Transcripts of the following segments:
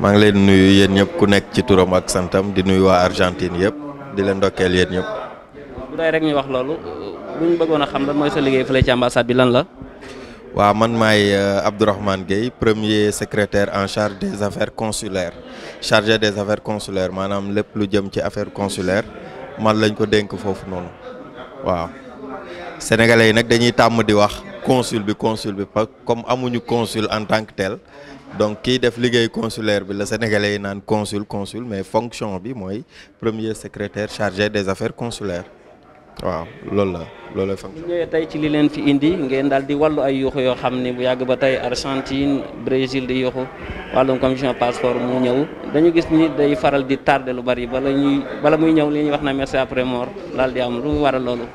maa ngi leen nuyu yéen ñëpp ku nekk ci turam ak santam di nuyu waa Argentine yëpp di leen ndokkeel yéen ñëpp. bu day rek ñu wax loolu bu ñu bëggoon xam lan mooy sa liggéey fële ci ambassade bi lan la. waaw man maay euh, Abdourahmane Gueye premier secretaire en charge des affaires consulaires des affaires consulaires maanaam lépp lu jëm ci affaire consulaire man lañ ko dénk foofu noonu waaw. sénégalais yi nag dañuy tàmm di wax consul bi consul bi comme amuñu consul en tant que donc kiy def liggéey consulaire bi la sénégalais yi naan consul consul mais fonction bi mooy premier secrétaire chargé des affaires consulaires waaw loolu la loolu la ñëwee tey ci li leen fi indi ngeen daal di wàllu ay yuuxu yoo xam ne bu yàgg ba tey Argentine Brésil di yuuxu wàllum commission passeport mu ñëw dañu gis ni day faral di tardé lu bari bala ñuy muy ñëw li ñuy wax na merci après mort daal di am lu waral loolu.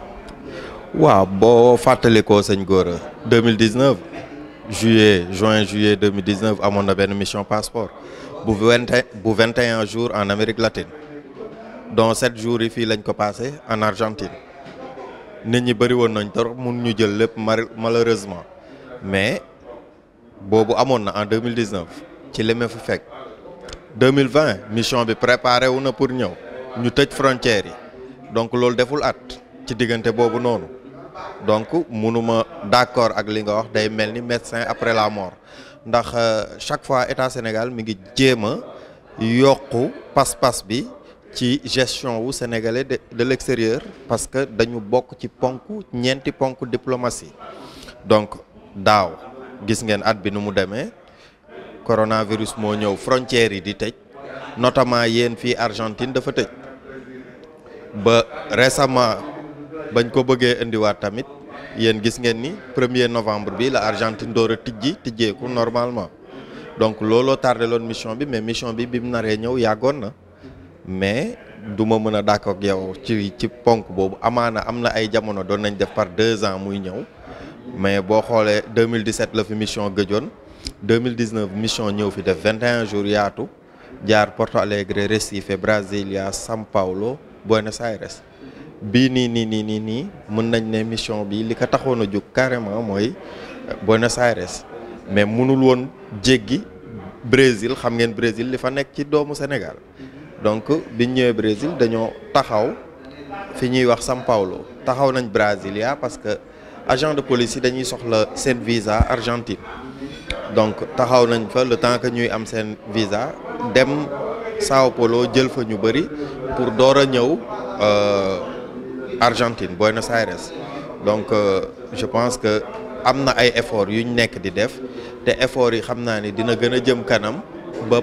waaw boo fàttalikoo sëñ Gora 2019. juillet juin juillet 2019 amoon na benn mission passeport bu vingt bu 21 jours en Amérique latine dont 7 jours yi fii lañ ko passé en Argentine nit ñi bëri woon nañ torop mun ñu jël lépp maleureusement mais boobu amoon na en 2019 ci li ma fa fekk 2020 mission bi préparé wu na pour ñëw ñu tëj frontières yi donc loolu deful at ci diggante boobu noonu donc mënuma d'accord ak li nga wax day mel ni médecin après la mort ndax euh, chaque fois état Sénégal mi ngi jéem a yokku pas-pas bi ci gestion wu sénégalais de de l'extérieur parce que dañu bokk ci ponk ñeenti ponk diplomatie donc daaw gis ngeen at bi nu mu demee coronavirus moo ñëw frontières yi di tëj notamment yéen fii Argentine dafa tëj ba récemment bañ ko bëggee indiwaat tamit yéen gis ngeen ni premier novembre bi la Argentine door a tijji tijjeeku normalement donc looloo tardé loon mission bi mais mission bi bi mu naree ñëw yàggoon na mais du ma mën a dàkk ak yow ci ci ponk boobu amaana am na ay jamono doon nañ def par deux ans muy ñëw mais boo xoolee 2017 la fi mission gëjoon 2019 mission ñëw fi def 21 jours yaatu jaar Porto Alegre Recife Brasilia São Paulo Buenos Aires. bii nii nii nii nii nii mën nañ ne mission bi li ko taxoon a jóg carrément mooy euh, Buenos Aires mais mënul woon jéggi Brésil xam ngeen Brésil li fa nekk ci doomu Sénégal donc bi ñu ñëwee Brésil dañoo taxaw fi ñuy wax São Paulo taxaw nañ Brasilia parce que agent de police yi dañuy soxla seen visa Argentine donc taxaw nañ fa le temps que ñuy am seen visa dem São Paulo jël fa ñu bëri pour door a ñëw. Euh, Argentine Buenos Aires donc euh, je pense que am na ay efforts yu ñu nekk di def te efforts yi xam naa ni dina gën a jëm kanam ba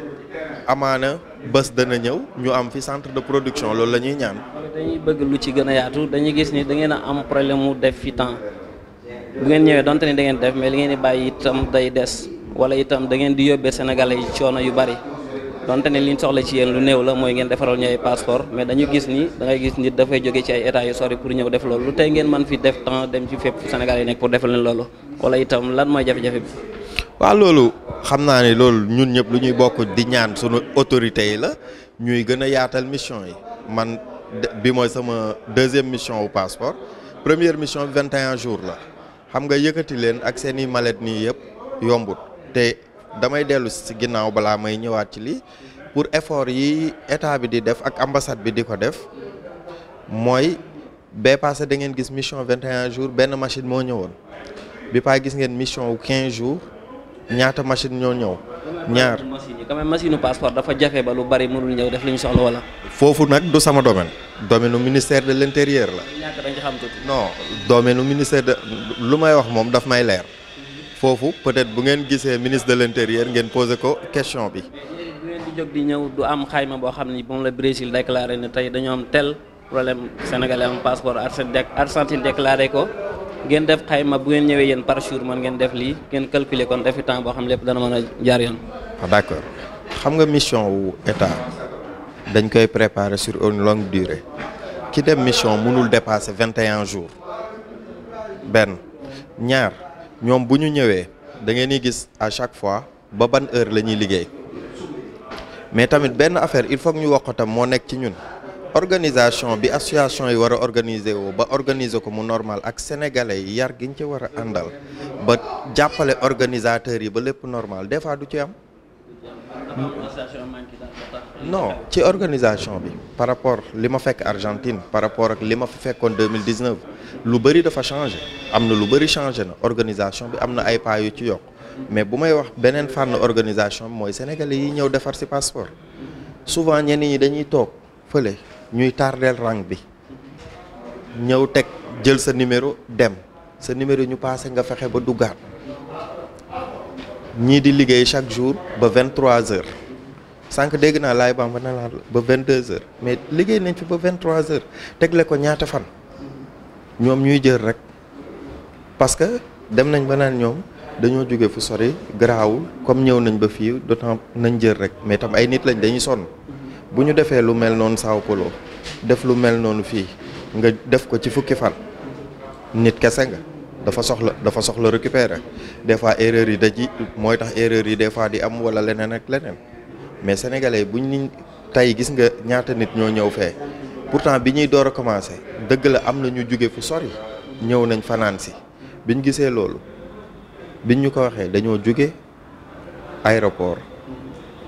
amaana bés dana ñëw ñu am fi centre de production loolu la ñuy ñaan. dañuy bëgg lu ci gën a yaatu dañu gis ni da ngeen a am problème mu def fi temps bu ngeen ñëwee donte ni da ngeen def mais li ngeen di bàyyi itam day des wala itam da ngeen di yóbbee Sénégalais yi ci coono yu bari. donte ne liñ soxla ci yéen lu néew la mooy ngeen defaral ñu ay passeport mais dañu gis ni da gis nit dafay jóge ci ay état yu sori pour ñëw def loolu lu tey ngeen man fi def temps dem ci fépp Sénégal yi nekk pour defal leen loolu wala itam lan mooy jafe-jafe bi. waaw loolu xam naa ni loolu ñun ñëpp lu ñuy bokk di ñaan sunu autorité yi la ñuy gën a yaatal mission yi man bi mooy sama deuxième mission wu passeport première mission 21 jours la xam nga yëkkati leen ak seen i mallette nii yëpp yombut damay dellu si ginnaaw balaa may ñëwaat ci lii pour effort yi état bi di def ak ambassade bi di ko def mooy bee passé da ngeen gis mission 21 jour benn machine moo ñëwoon bi paa gis ngeen mission wu 15 jours ñaata machine ñoo ñëw. ñaar quand même machine passeport dafa jafe ba lu bari mënul ñëw def li ñu soxla wala. foofu nag du sama domaine. domaine ministère de l' intérieur la. ñàkk dañ xam tuuti. non domaine ministère de lu may wax moom dafa may leer. foofu peut-être bu ngeen gisee ministre de l'intérieur ngeen posé ko question bi. bu ngeen di jóg di ñëw du am xayma boo xam ni moom la Brésil déclaré ne tey dañoo am tel problème sénégalais am passeport Argentine déclaré ko ngeen def xayma bu ngeen ñëwee yéen par jour man ngeen def li ngeen calculer kon defi temps boo xam lépp dana mën a jaar yoon. Ah, xam nga mission wu état dañ koy préparer sur une longue durée ki dem mission mënul dépasser vingt et un jours benn ñaar. ñoom bu ñu ñëwee da ngeen di gis à chaque fois ba ban heure la ñuy liggéey mais tamit benn affaire il faut ñu wax ko tam moo nekk ci ñun organisation bi association yi war a organiser woo ba organiser ko mu normal ak sénégalais yi yar giñ ci war a àndal ba jàppale organisateurs yi ba lépp normal des fois du ci am. non ci organisation bi par rapport li ma fekk Argentine par rapport ak li ma fi fekkoon 2019 lu bëri dafa changé am na lu bëri changé na organisation bi am na ay pas yu ci yokk mais bu may wax beneen fànn organisation bi mooy sénégalais yi ñëw defar si passeport souvent ñenn ñi dañuy toog fële ñuy tardeel rang bi ñëw teg jël sa numéro dem sa numéro ñu passé nga fexe ba duggaat ñii di liggéey chaque jour ba 23 heures. sànq dégg naa laay bamba na laa ba vingt deux heures mais liggéey nañ fi ba vingt trois heures tegle ko ñaata fan ñoom ñuy jël rek parce que dem nañ ba naan ñoom dañoo jóge fu sori garaawul comme ñëw nañ ba fii d'autant nañ jël rek mais tam ay nit lañ dañuy sonn bu ñu defee lu mel noonu Sao Paulo def lu mel noonu fii nga def ko ci fukki fan nit kese nga dafa soxla dafa soxla récupérer des fois erreur yi da ji mooy tax erreur yi des fois di am wala leneen ak leneen mais sénégalais buñ ni tey gis nga ñaata nit ñoo ñëw fee pourtant bi ñuy door a commencé dëgg la am na ñu jóge fu sori ñëw nañ fanaan si biñ gisee loolu bi ñu ko waxee dañoo jóge aéroport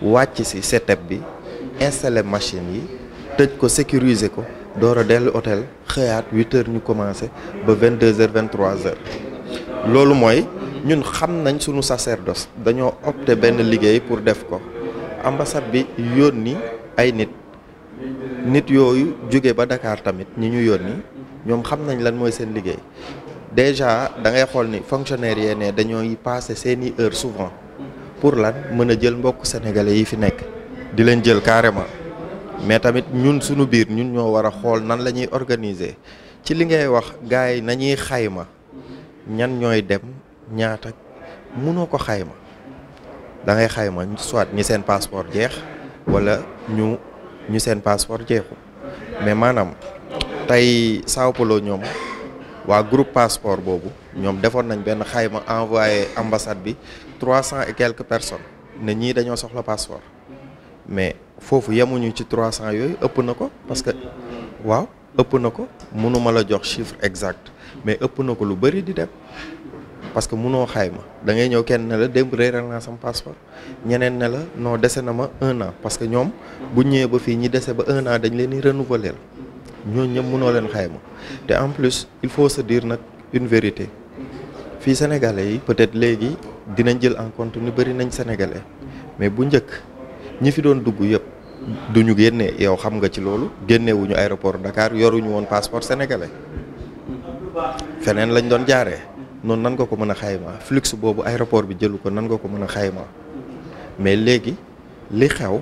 wàcc si setup bi installé machine yi tëj ko sécuriser ko door a dellu hôtel xëyaat huit heures ñu commencé ba vingt deux heures vingt trois loolu mooy ñun xam nañ sunu sacerdoce dañoo opté benn liggéey pour def ko ambassade bi yónni ay nit nit yooyu jóge ba dakaar tamit ñi ñu yónni ñoom xam nañ lan mooy seen liggéey déjà da ngay xool ni fonctionnaire yee ne dañooy passé seeni heure souvent pour lan mën a jël mbokk sénégalais yi fi nekk di leen jël carrément mais tamit ñun suñu biir ñun ñoo war a xool nan la ñuy organiser ci li ngay wax gars yi nañuy xayma ñan ñooy dem ñaata mënoo ko xayma da ngay xayma soit ñi seen passeport jeex wala ñu ñu seen passeport jeexu mais maanaam tey Sao Paulo ñoom waa groupe passeport boobu ñoom defoon nañ benn xayma envoyé ambassade bi trois cent et quelques personnes ne ñii dañoo soxla passeport mais foofu yemuñu ci trois cent yooyu ëpp na ko parce que waaw ëpp na ko mënuma la jox chiffre exact mais ëpp na ko lu bëri di dem parce que munoo xayma da ngay ñëw kenn ne la démb réeral naa sama passeport ñeneen ne la non dese na ma un an parce que ñoom bu ñëwee ba fii ñi dese ba un an dañ leen di renouveler ñooñ ñëpp munoo leen xayma te en plus il faut sa diir nag une fii sénégalais yi peut-être léegi dinañ jël en compte ni bëri nañ sénégalais mais bu njëkk ñi fi doon dugg yëpp duñu génne yow xam nga ci loolu génnewuñu aéroport Dakar yoruñu woon passeport sénégalais feneen lañ doon jaaree. noonu nan nga ko mën a xaymaa flux boobu aéroport bi jëlu ko nanga ko mën a xaymaa mais léegi li xew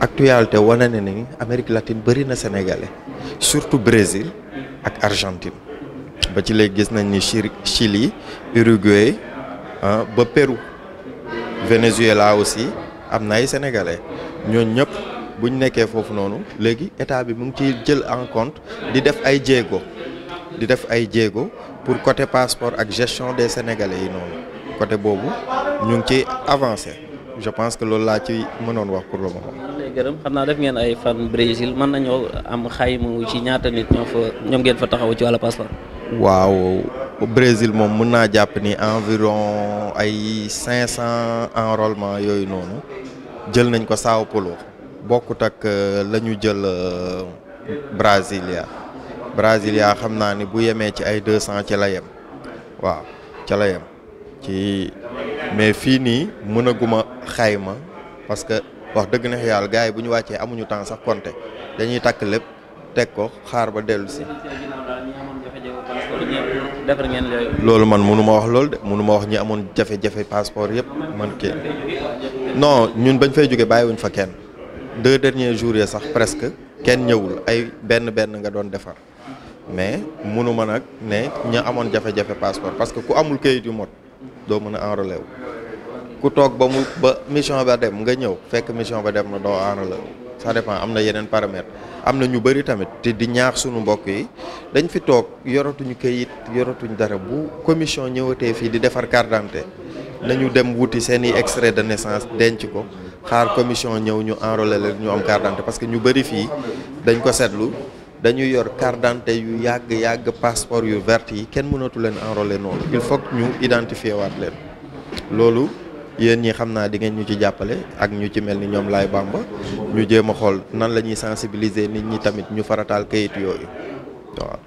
actualité wane na ni Amérique latine bëri na sénégalais surtout Brésil ak Argentine ba ci léegi gis nañ ni Chili Uruguay ah, ba Pérou Venezuela aussi am na ay sénégalais ñooñ ñëpp bu nekkee foofu noonu léegi état bi mu ngi ciy jël en di def ay jéego di def ay jéego. pour côté passeport ak gestion des sénégalais yi noonu côté boobu ñu ngi ciy avancé je pense que loolu laa ci mënoon wax pour le moment. xam naa def ngeen ay fan Brésil mën nañoo am xaymu ci ñaata nit ñoom ngeen fa taxaw ci wàllu passeport. waaw Brésil moom mën naa jàpp ni environ ay cinq 500 enrôlement yooyu noonu jël nañ ko Sao Paulo bokkut ak euh, la ñu jël euh, Brasilia. Brasilia xam naa ni bu yemee ci ay deux cent ci la yem waaw ca la yem ci mais fii nii mënaguma xayma parce que wax dëgg neex yàlla gars yi bu ñu wàccee amuñu temps sax compter dañuy takk lépp teg ko xaar ba dellusi si. loolu man mënu ma wax loolu de mënu ma wax ñi amoon jafe-jafe passeport yëpp man kii non ñun bañ fay jóge bàyyiwuñ fa kenn deux derniers jours yi sax presque kenn ñëwul ay benn benn nga doon defar. mais mënuma nag ne ña amoon jafe-jafe passeport parce que ku amul kayit yu mot doo mën a enrôlé wu ku toog ba mu ba mission ba dem nga ñëw fekk mission ba dem na doo enrôlé wu ça dépend am na yeneen paramètres am na ñu bëri tamit te di ñaax suñu mbokk yi dañ fi toog yoratuñu kayit yoratuñu dara bu commission ñëwatee fii di defar carte d'identité nañu dem wuti seen i extrait de naissance denc ko xaar commission ñëw ñu enrôlé leen ñu am carte d'identité parce que ñu bëri fii dañ ko seetlu dañu yor carte d'identité yu yàgg yàgg passeport yu vert yi kenn mënatu leen enrôler noonu il faut ñu identifier waat leen loolu yéen ñi xam naa di ngeen ñu ci jàppale ak ñu ci mel ni ñoom laay bàmba ñu jéem a xool nan la ñuy sensibiliser nit ñi tamit ñu farataal kayit yooyu waaw.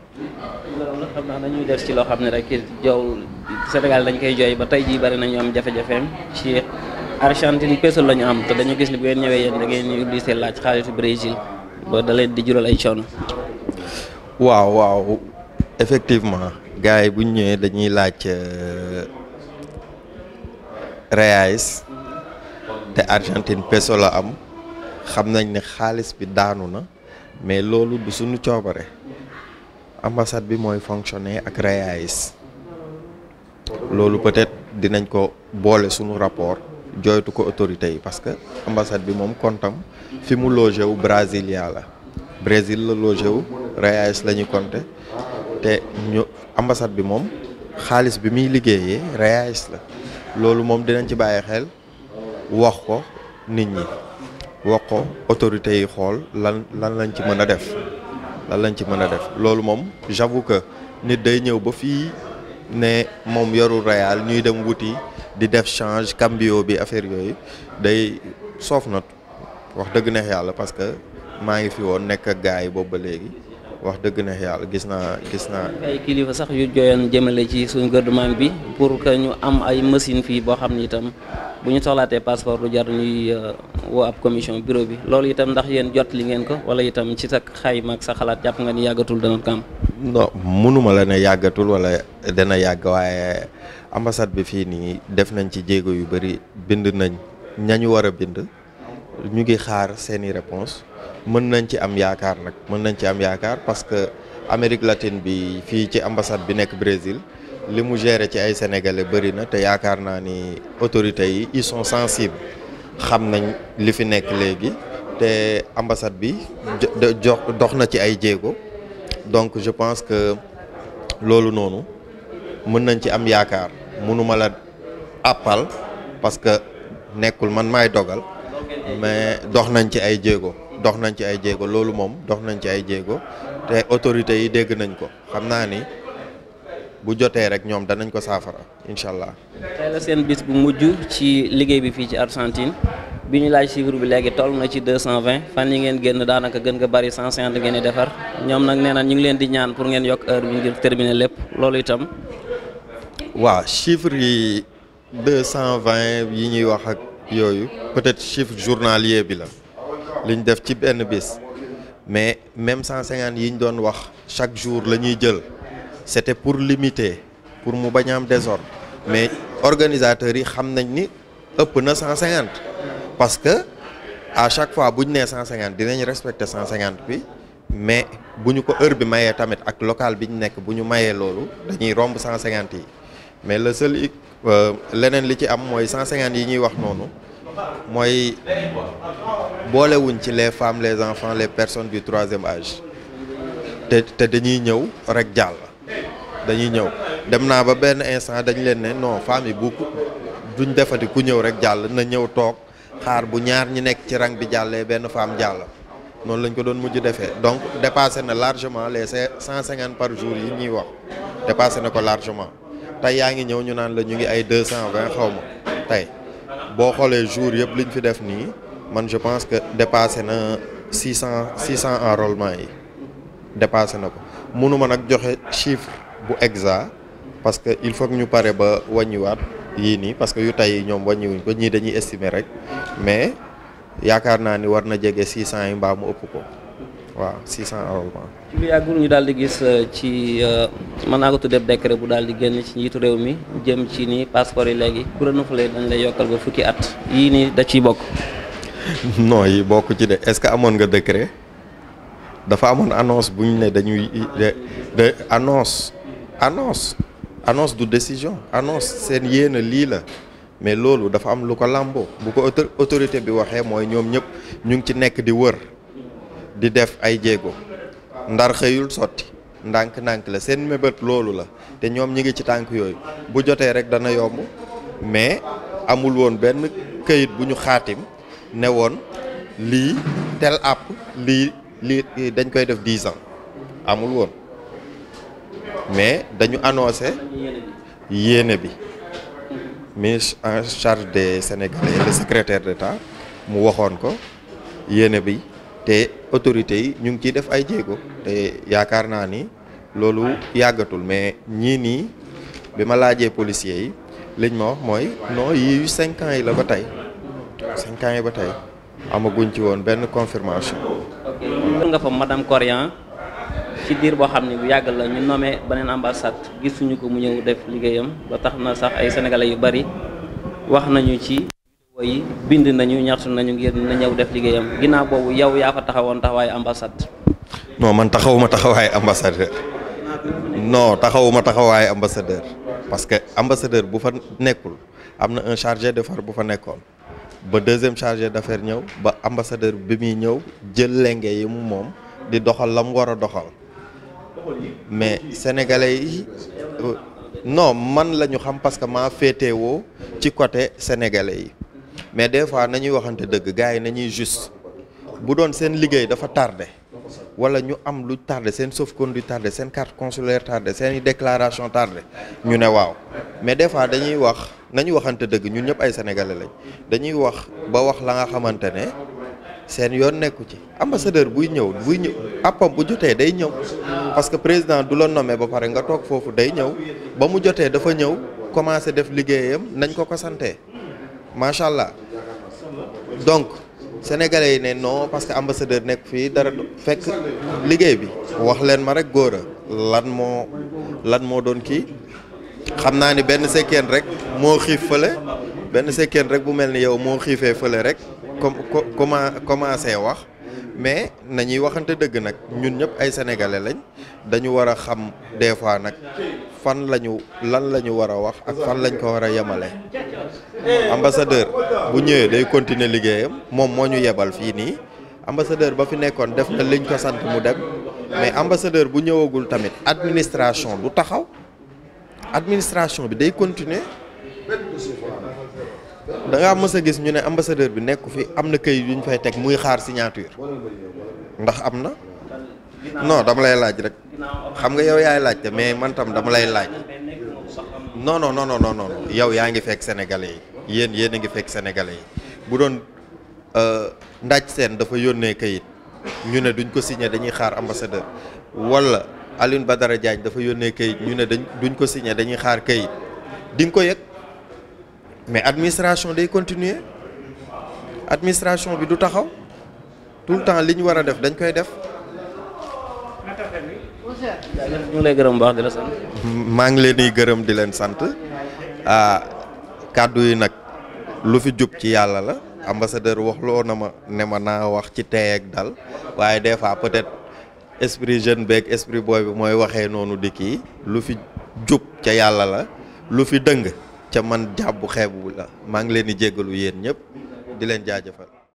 loolu naa dañuy def ci loo xam ne rek joow Sénégal dañ koy jooy ba tey jii bari na am jafe-jafeem ci Argentine peso la ñu am te dañu gis ni bu ngeen ñëwee yéen da ngeen ñu obligé laaj xaalisu Brésil ba da leen di jural ay coono. waaw waaw effectivement gars yi bu ñëwee dañuy laaj euh, reais te Argentine peso la am xam nañ ne xaalis bi daanu na mais loolu du suñu coobare ambassade bi mooy fonctionner ak reais loolu peut-être dinañ ko boole suñu rapport jooytu ko autorité yi parce que ambassade bi moom kontam fi mu logé wu Brasilia la Brésil la logé wu reyaas la ñuy compter te ñu ambassade bi moom xaalis bi muy liggéeyee reyaas la loolu moom dinañ ci bàyyi xel wax ko nit ñi wax ko autorités yi xool lan lan lañ ci mën a def lan lañ ci mën a def loolu moom j'avoue que nit day ñëw ba fii ne moom yorul reyaal ñuy dem wuti di def change cambio bi affaire yooyu day soof na wax dëgg neex yàlla parce que maa ngi fi woon nekk ak gars yi boobu ba léegi wax dëgg na yàlla gis naa gis naa. kilifa sax yu jooyoon jëmale ci suñu gouvernement bi pour que ñu am ay machine fii boo xam ni itam bu ñu soxlaatee passeport du jar ñuy euh, woo ab commission bureau bi loolu itam ndax yéen jot li ngeen ko wala itam ci sa xayma ak sa xalaat jàpp nga ni yàggatul dana ko mënuma la ne yàggatul wala dana yàgg waaye ambassade bi fii nii def nañ ci jéego yu bari bind nañ ñañu war a bind ñu ngi xaar seeni réponse mën nañ ci am yaakaar nag mën nañ ci am yaakaar parce que Amérique latine bi fii ci ambassade bi nekk Brésil li mu géré ci ay sénégalais bëri na te yaakaar naa ni autorités yi ils sont sensibles xam nañ li fi nekk léegi te ambassade bi jox dox na ci ay jéego donc je pense que loolu noonu mën nañ ci am yaakaar mënuma la àppal parce que nekkul man maay dogal mais dox nañ ci ay jéego. dox nañ ci ay jéego loolu moom dox nañ ci ay jéego te autorités yi dégg nañ ko xam naa ni bu jotee rek ñoom danañ ko saafara incha allah. tey la seen bis bu mujj ci liggéey bi fii ci Argentine bi ñu laaj chiffre bi léegi toll na ci deux cent vingt fan yi ngeen génn daanaka gën nga bari cent cinquante ngeen di defar ñoom nag nee na ñu ngi leen di ñaan pour ngeen yokk heure bi ngir terminer lépp loolu itam. waa chiffre yi deux cent vingt yi ñuy wax ak yooyu peut-être chiffre journalier bi la. li ñu def ci benn bis mais même 150 yi ñu doon wax chaque jour la ñuy jël c'était pour limiter pour mu bañ a am mais organisateurs yi xam nañ ni ëpp na 150 parce que à chaque fois bu ñu nee 150 dinañ respecter cinquante bi mais bu ñu ko heure bi mayee tamit ak local bi ñu nekk bu ñu mayee loolu dañuy romb cent 150 yi mais le seul euh, leneen li ci am mooy cent 150 yi ñuy wax noonu. mooy boolewuñ ci les femmes les enfants les personnes du troisième âge te te dañuy ñëw rek jàll dañuy ñëw dem naa ba benn instant dañ leen ne non femmes yi bu duñ defati ku ñëw rek jàll na ñëw toog xaar bu ñaar ñi nekk ci rang bi jàllee benn femme jàll noonu lañ ko doon mujj defee donc dépassé na largement les cent cinquante par jour yi ñuy wax dépassé na ko largement tey yaa ngi ñëw ñu naan la ñu ngi ay deux cent vingt xaw ma tey boo xoolee jour yëpp liñ fi def nii man je pense que dépassé na six cent six cent enrôlement yi dépassé na ko mënuma nag joxe chiffre bu exact parce que il faut ñu pare ba wàññiwaat yii nii parce que yu tey ñoom wàññiwuñ ko ñii dañuy estimer rek mais yaakaar naa ni war na jege six cent yi mbaa mu ëpp ko. waaw ci lu yàggul ñu daal di gis euh, ci euh, mën naa ko def décret bu daal di génn ci njiitu réew mi jëm ci ni passeport yi léegi ku renouvelé dañ lay yokkal ba fukki at. yii nii da ciy bokk. non yi bokk ci de est-ce que amoon nga décret dafa amoon annonce bu ñu ne dañuy de annonce annonce annonce du décision annonce seen yéen lii la. mais loolu dafa am lu ko làmboo bu ko autorité bi waxee mooy ñoom ñëpp ñu ngi ci nekk di wër di def ay jéego ndar xëyul sotti ndànk-ndànk la seen mébét loolu la te ñoom ñi ngi ci tànk yooyu bu jotee rek dana yomb mais amul woon benn këyit bu ñu xaatim ne woon lii tel app lii lii dañ koy def dix ans amul woon mais dañu annoncé yéene bi mi en charge des Sénégalais le secrétaire d'État mu waxoon ko yéene bi te autorité yi ñu ngi ciy def ay jéego te yaakaar naa ni loolu yàggatul mais ñii nii bi ma laajee policiers yi liñ ma wax mooy non yii cinq yi la ba tey cinq yi ba tey amaguñ ci woon benn confirmation. ok nga fa madame Korian ci diir boo xam ne bu yàgg la ñu nommé beneen ambassade gisuñu ko mu ñëw def liggéeyam ba tax na sax ay sénégalais yu bari wax nañu ci. yi bind nañu ñaxtu nañu ngir na ñëw def liggéeyam ginnaaw boobu yow yaa fa taxawoon taxawaayu ambassade. non man taxawuma taxawaayu ambassadeur non taxawuma taxawaayu ambassadeur parce que ambassadeur bu fa nekkul am na un chargé d'affaires bu fa nekkoon ba deuxième chargé d'affaires ñëw ba ambassadeur bi muy ñëw jël lenge yi mu moom di doxal la mu war a doxal mais sénégalais yi euh, non man lañu xam parce que maa féetewoo ci côté sénégalais yi. mais des fois nañuy waxante dëgg gaa yi nañuy juste bu doon seen liggéey dafa tardé wala ñu am lu tardé seen sauf-conduit tardé seen carte consulaire tardé seen i déclaration tardé ñu ne waaw mais des fois dañuy wax nañu waxante dëgg ñun ñëpp ay sénégalais lañ dañuy wax ba wax la nga xamante ne seen yoon nekku ci ambassadeur buy ñëw buy ñëw appam bu jotee day ñëw parce que président du la nommé ba pare nga toog foofu day ñëw ba mu jotee dafa ñëw commencé def liggéeyam nañ ko ko santee macha allah donc sénégalais yi ne non parce que ambassadeur nekk fii dara fekk liggéey bi wax leen ma rek góor a lan moo lan moo doon kii xam naa ni benn sekkeen rek moo xiif fële benn sekkeen rek bu mel ni yow moo xiifee fële rek comme comment commencé wax mais nañuy waxante dëgg nag ñun ñëpp ay sénégalais lañ dañu war a xam des fois nag fan lañu lan la ñu war a wax ak fan lañ ko war a yemale. ambassadeur bu ñëwee day continuer liggéeyam moom moo ñu yebal fii nii ambassadeur ba fi nekkoon def lañ liñ ko sant mu dem mais ambassadeur bu ñëwagul tamit administration du taxaw administration bi day continuer da ngaa mës a gis ñu ne ambassadeur bi nekku fi am na këyit yu ñu fay teg muy xaar signature ndax am na no dama lay laaj rek xam nga yow yaay laajte mais man tam dama lay laaj non non non yow yaa ngi fekk sénégalais yi yéen yéen a ngi fekk sénégalais yi bu doon euh, ndaaj seen dafa yónnee këyit ñu ne duñ ko signé dañuy xaar ambassadeur wala Alioune Badara Diagne dafa yónnee këyit ñu ne duñ ko signé dañuy xaar këyit di ko yëg. mais administration day continuer administration bi du taxaw tout le temps li ñu war a def dañ koy def. ñu lay gërëm baax di maa ngi leen di gërëm di leen sant ah kàddu yi nag lu fi jub ci yàlla la ambassadeur wax loo na ma ne ma naa wax ci tey ak dal waaye des fois peut-être esprit jeune beeg esprit booy bi mooy waxee noonu di kii lu fi jub ca yàlla la lu fi dëng. ca man jàbbu xeebu la maa ngi leen di jéggalu yéen ñëpp di leen jaajëfal